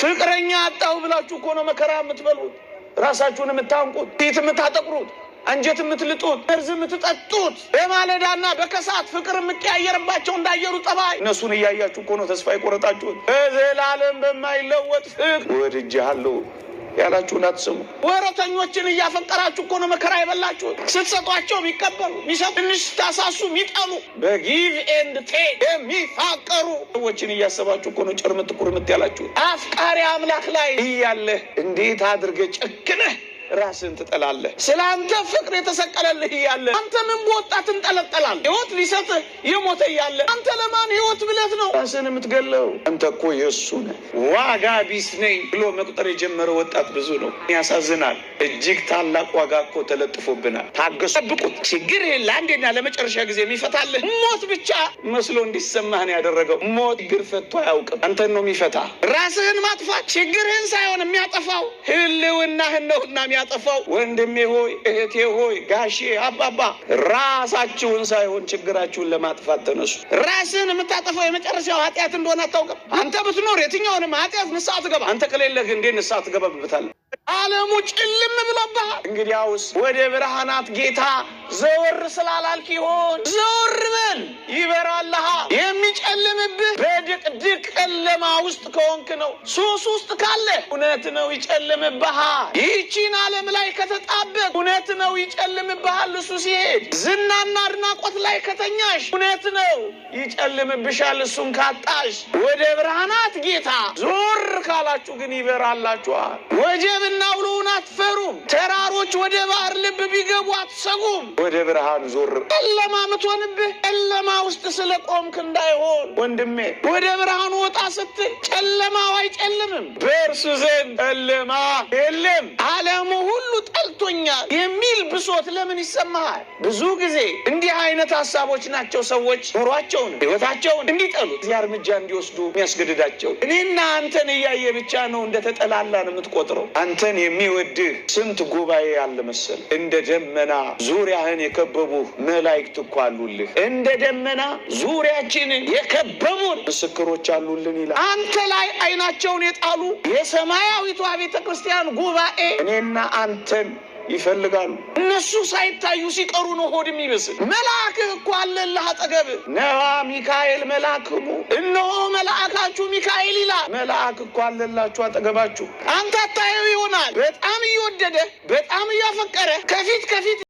ፍቅረኛ አጣሁ ብላችሁ እኮ ነው መከራ የምትበሉት፣ ራሳችሁን የምታንቁት፣ ፊት የምታጠቁሩት፣ አንጀት የምትልጡት፣ እርዝ የምትጠጡት፣ በማለዳና በከሳት ፍቅር የምትቀያየርባቸው እንዳየሩ ጠባይ እነሱን እያያችሁ እኮ ነው ተስፋ የቆረጣችሁት። በዘላለም በማይለወጥ ፍቅር ወድጄሃለሁ ያላችሁን አትስሙ። ወረተኞችን እያፈቀራችሁ እኮ ነው መከራ የበላችሁት። ስትሰጧቸው የሚቀበሉ ሚሰጡ፣ ትንሽ ታሳሱ የሚጠሉ፣ በጊቭ ኤንድ ቴ የሚፋቀሩ ሰዎችን እያሰባችሁ እኮ ነው ጭርምት ኩርምት ያላችሁት። አፍቃሪ አምላክ ላይ እያለህ እንዴት አድርገህ ጨክነህ ራስን ትጠላለህ። ስለ አንተ ፍቅር የተሰቀለልህ እያለ አንተ ምን በወጣት ትንጠለጠላል? ህይወት ሊሰጥህ የሞተ እያለ አንተ ለማን ህይወት ብለት ነው ራስን የምትገለው? አንተ እኮ የእሱ ነህ። ዋጋ ቢስ ነኝ ብሎ መቁጠር የጀመረ ወጣት ብዙ ነው። ያሳዝናል። እጅግ ታላቅ ዋጋ እኮ ተለጥፎብናል። ታገሱ፣ ጠብቁት። ችግር ለአንዴና ለመጨረሻ ጊዜ የሚፈታልህ ሞት ብቻ መስሎ እንዲሰማህን ያደረገው ሞት ግር ፈቶ አያውቅም። አንተን ነው የሚፈታ። ራስህን ማጥፋት ችግርህን ሳይሆን የሚያጠፋው ህልውናህን ነውና የሚያጠፋው ወንድሜ ሆይ እህቴ ሆይ ጋሼ አባባ ራሳችሁን ሳይሆን ችግራችሁን ለማጥፋት ተነሱ። ራስን የምታጠፋው የመጨረሻው ኃጢአት እንደሆነ አታውቅም። አንተ ብትኖር የትኛውንም ኃጢአት ንስሐ ትገባ። አንተ ከሌለህ እንዴ ንስሐ ትገባብታለህ? ዓለሙ ጭልም ብሎብሃል። እንግዲያውስ ወደ ብርሃናት ጌታ ዘወር ስላላልክ ይሆን ዘወር በል ይበራልሃል። ጨለማ ውስጥ ከሆንክ ነው። ሱስ ውስጥ ካለ እውነት ነው ይጨልምብሃል። ይህቺን ዓለም ላይ ከተጣበቅ እውነት ነው ይጨልምብሃል። እሱ ሲሄድ ዝናና አድናቆት ላይ ከተኛሽ እውነት ነው ይጨልምብሻል። እሱን ካጣሽ ወደ ብርሃናት ጌታ ዞር ካላችሁ ግን ይበራላችኋል። ወጀብና ውሎውን አትፈሩም። ተራሮች ወደ ባህር ልብ ቢገቡ አትሰጉም። ወደ ብርሃን ዞር። ጨለማ ምትሆንብህ ጨለማ ውስጥ ስለቆምክ እንዳይሆን ወንድሜ ወደ ብርሃኑ ወጣ ልትወጣ ስትል ጨለማው አይጨልምም፣ በእርሱ ዘንድ ጨለማ የለም። ዓለሙ ሁሉ ጠልቶኛል የሚ ብሶት ለምን ይሰማሃል? ብዙ ጊዜ እንዲህ አይነት ሀሳቦች ናቸው ሰዎች ኑሯቸውን፣ ህይወታቸውን እንዲጠሉት እዚያ እርምጃ እንዲወስዱ የሚያስገድዳቸው። እኔና አንተን እያየ ብቻ ነው እንደተጠላላን የምትቆጥረው። አንተን የሚወድህ ስንት ጉባኤ አለ መሰል። እንደ ደመና ዙሪያህን የከበቡ መላእክት እኮ አሉልህ። እንደ ደመና ዙሪያችንን የከበቡን ምስክሮች አሉልን ይላል። አንተ ላይ አይናቸውን የጣሉ የሰማያዊቷ ቤተ ክርስቲያን ጉባኤ እኔና አንተን ይፈልጋሉ። እነሱ ሳይታዩ ሲቀሩ ነው ሆድ የሚብስል። መልአክህ እኮ አለልህ አጠገብ። ነዋ ሚካኤል መልአክሙ፣ እነሆ መልአካችሁ ሚካኤል ይላል። መልአክ እኮ አለላችሁ አጠገባችሁ። አንተ አታየው ይሆናል። በጣም እየወደደ በጣም እያፈቀረ ከፊት ከፊት